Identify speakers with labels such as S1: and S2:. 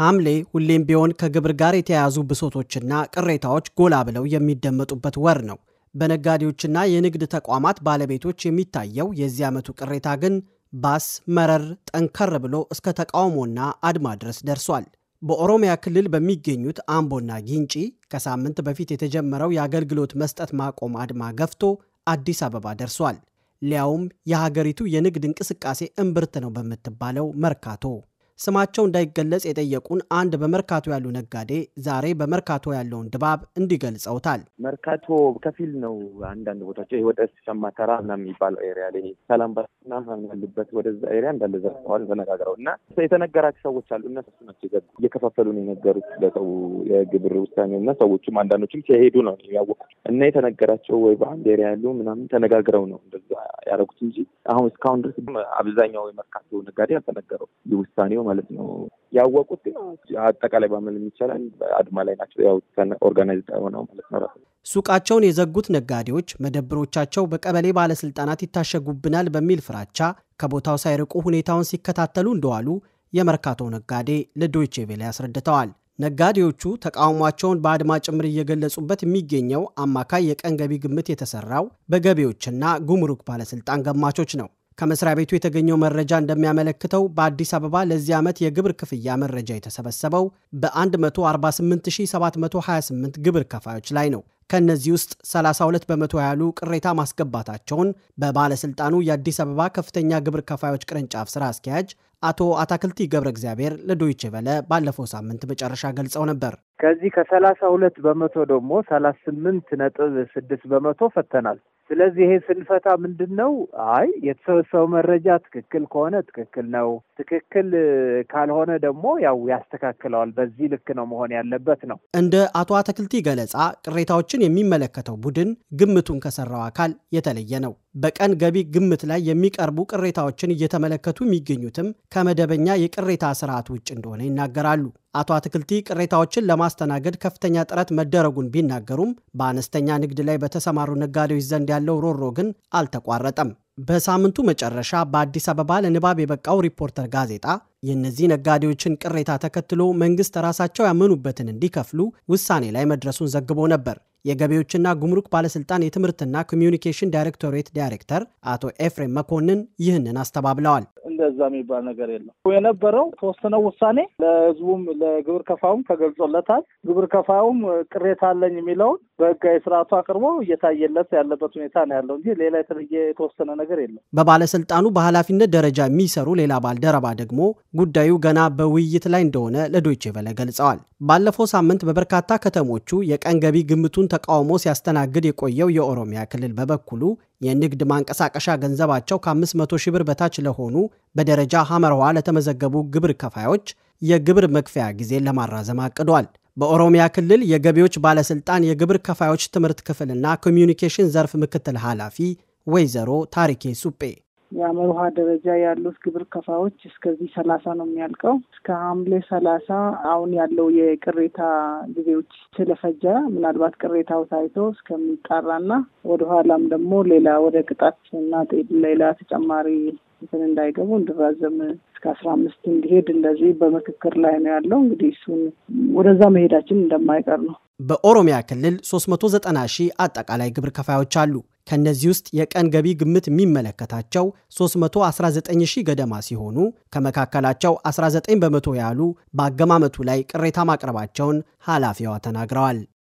S1: ሐምሌ ሁሌም ቢሆን ከግብር ጋር የተያያዙ ብሶቶችና ቅሬታዎች ጎላ ብለው የሚደመጡበት ወር ነው። በነጋዴዎችና የንግድ ተቋማት ባለቤቶች የሚታየው የዚህ ዓመቱ ቅሬታ ግን ባስ መረር ጠንከር ብሎ እስከ ተቃውሞና አድማ ድረስ ደርሷል። በኦሮሚያ ክልል በሚገኙት አምቦና ጊንጪ ከሳምንት በፊት የተጀመረው የአገልግሎት መስጠት ማቆም አድማ ገፍቶ አዲስ አበባ ደርሷል። ሊያውም የሀገሪቱ የንግድ እንቅስቃሴ እምብርት ነው በምትባለው መርካቶ ስማቸው እንዳይገለጽ የጠየቁን አንድ በመርካቶ ያሉ ነጋዴ ዛሬ በመርካቶ ያለውን ድባብ እንዲገልጸውታል።
S2: መርካቶ ከፊል ነው። አንዳንድ ቦታቸው ወደ ሸማ ተራ ምናምን የሚባለው ኤሪያ ላይ ሰላም ባና ያሉበት ወደዛ ኤሪያ እንዳለ ዘርፈዋል ተነጋግረው እና የተነገራቸው ሰዎች አሉ። እነሱ ናቸው የገቡ እየከፋፈሉ ነው የነገሩት ለሰው የግብር ውሳኔ እና ሰዎቹም አንዳንዶችም ሲሄዱ ነው ያወቁት እና የተነገራቸው ወይ በአንድ ኤሪያ ያሉ ምናምን ተነጋግረው ነው ውስጥ ያደረጉት እንጂ አሁን እስካሁን ድረስ አብዛኛው የመርካቶ ነጋዴ አልተነገረው ይህ ውሳኔው ማለት ነው። ያወቁት ግን አጠቃላይ ባመን የሚቻላል አድማ ላይ ናቸው። ያው ኦርጋናይዝድ ሆነው ማለት ነው።
S1: ሱቃቸውን የዘጉት ነጋዴዎች መደብሮቻቸው በቀበሌ ባለስልጣናት ይታሸጉብናል በሚል ፍራቻ ከቦታው ሳይርቁ ሁኔታውን ሲከታተሉ እንደዋሉ የመርካቶ ነጋዴ ለዶይቼ ቬለ አስረድተዋል። ነጋዴዎቹ ተቃውሟቸውን በአድማ ጭምር እየገለጹበት የሚገኘው አማካይ የቀን ገቢ ግምት የተሰራው በገቢዎችና ጉምሩክ ባለስልጣን ገማቾች ነው። ከመስሪያ ቤቱ የተገኘው መረጃ እንደሚያመለክተው በአዲስ አበባ ለዚህ ዓመት የግብር ክፍያ መረጃ የተሰበሰበው በ148728 ግብር ከፋዮች ላይ ነው። ከእነዚህ ውስጥ 32 በመቶ ያሉ ቅሬታ ማስገባታቸውን በባለሥልጣኑ የአዲስ አበባ ከፍተኛ ግብር ከፋዮች ቅርንጫፍ ሥራ አስኪያጅ አቶ አታክልቲ ገብረ እግዚአብሔር ለዶይቼ ቬለ ባለፈው ሳምንት መጨረሻ ገልጸው ነበር።
S2: ከዚህ ከሰላሳ ሁለት በመቶ ደግሞ ሰላሳ ስምንት ነጥብ ስድስት በመቶ ፈተናል። ስለዚህ ይሄ ስንፈታ ምንድን ነው? አይ የተሰበሰበው መረጃ ትክክል ከሆነ ትክክል ነው፣ ትክክል ካልሆነ ደግሞ ያው ያስተካክለዋል። በዚህ ልክ ነው መሆን ያለበት ነው።
S1: እንደ አቶ አትክልቲ ገለጻ ቅሬታዎችን የሚመለከተው ቡድን ግምቱን ከሰራው አካል የተለየ ነው። በቀን ገቢ ግምት ላይ የሚቀርቡ ቅሬታዎችን እየተመለከቱ የሚገኙትም ከመደበኛ የቅሬታ ስርዓት ውጭ እንደሆነ ይናገራሉ። አቶ አትክልቲ ቅሬታዎችን ለማስተናገድ ከፍተኛ ጥረት መደረጉን ቢናገሩም በአነስተኛ ንግድ ላይ በተሰማሩ ነጋዴዎች ዘንድ ያለው ሮሮ ግን አልተቋረጠም። በሳምንቱ መጨረሻ በአዲስ አበባ ለንባብ የበቃው ሪፖርተር ጋዜጣ የእነዚህ ነጋዴዎችን ቅሬታ ተከትሎ መንግሥት ራሳቸው ያመኑበትን እንዲከፍሉ ውሳኔ ላይ መድረሱን ዘግቦ ነበር። የገቢዎችና ጉምሩክ ባለስልጣን የትምህርትና ኮሚዩኒኬሽን ዳይሬክቶሬት ዳይሬክተር አቶ ኤፍሬም መኮንን ይህንን አስተባብለዋል።
S2: እንደዛ የሚባል ነገር የለም።
S1: የነበረው ተወሰነው ውሳኔ ለህዝቡም
S2: ለግብር ከፋውም ተገልጾለታል። ግብር ከፋውም ቅሬታ አለኝ የሚለውን በህጋዊ ስርዓቱ አቅርቦ እየታየለት ያለበት ሁኔታ ነው ያለው እንጂ ሌላ የተለየ የተወሰነ ነገር የለም።
S1: በባለስልጣኑ በኃላፊነት ደረጃ የሚሰሩ ሌላ ባልደረባ ደግሞ ጉዳዩ ገና በውይይት ላይ እንደሆነ ለዶይቼ ቬለ ገልጸዋል። ባለፈው ሳምንት በበርካታ ከተሞቹ የቀን ገቢ ግምቱን ተቃውሞ ሲያስተናግድ የቆየው የኦሮሚያ ክልል በበኩሉ የንግድ ማንቀሳቀሻ ገንዘባቸው ከ500 ሺህ ብር በታች ለሆኑ በደረጃ ሐመርዋ ለተመዘገቡ ግብር ከፋዮች የግብር መክፈያ ጊዜን ለማራዘም አቅዷል። በኦሮሚያ ክልል የገቢዎች ባለስልጣን የግብር ከፋዮች ትምህርት ክፍልና ኮሚዩኒኬሽን ዘርፍ ምክትል ኃላፊ ወይዘሮ ታሪኬ ሱጴ
S2: ውሃ ደረጃ ያሉት ግብር ከፋዎች እስከዚህ ሰላሳ ነው የሚያልቀው። እስከ ሐምሌ ሰላሳ አሁን ያለው የቅሬታ ጊዜዎች ስለፈጀ ምናልባት ቅሬታው ታይቶ እስከሚጣራና ወደኋላም ደግሞ ሌላ ወደ ቅጣት እና ሌላ ተጨማሪ እንትን እንዳይገቡ እንድራዘም እስከ አስራ አምስት እንዲሄድ እንደዚህ በምክክር ላይ ነው ያለው። እንግዲህ እሱን ወደዛ መሄዳችን እንደማይቀር ነው።
S1: በኦሮሚያ ክልል 390 ሺህ አጠቃላይ ግብር ከፋዮች አሉ። ከእነዚህ ውስጥ የቀን ገቢ ግምት የሚመለከታቸው 319 ገደማ ሲሆኑ ከመካከላቸው 19 በመቶ ያሉ በአገማመቱ ላይ ቅሬታ ማቅረባቸውን ኃላፊዋ ተናግረዋል።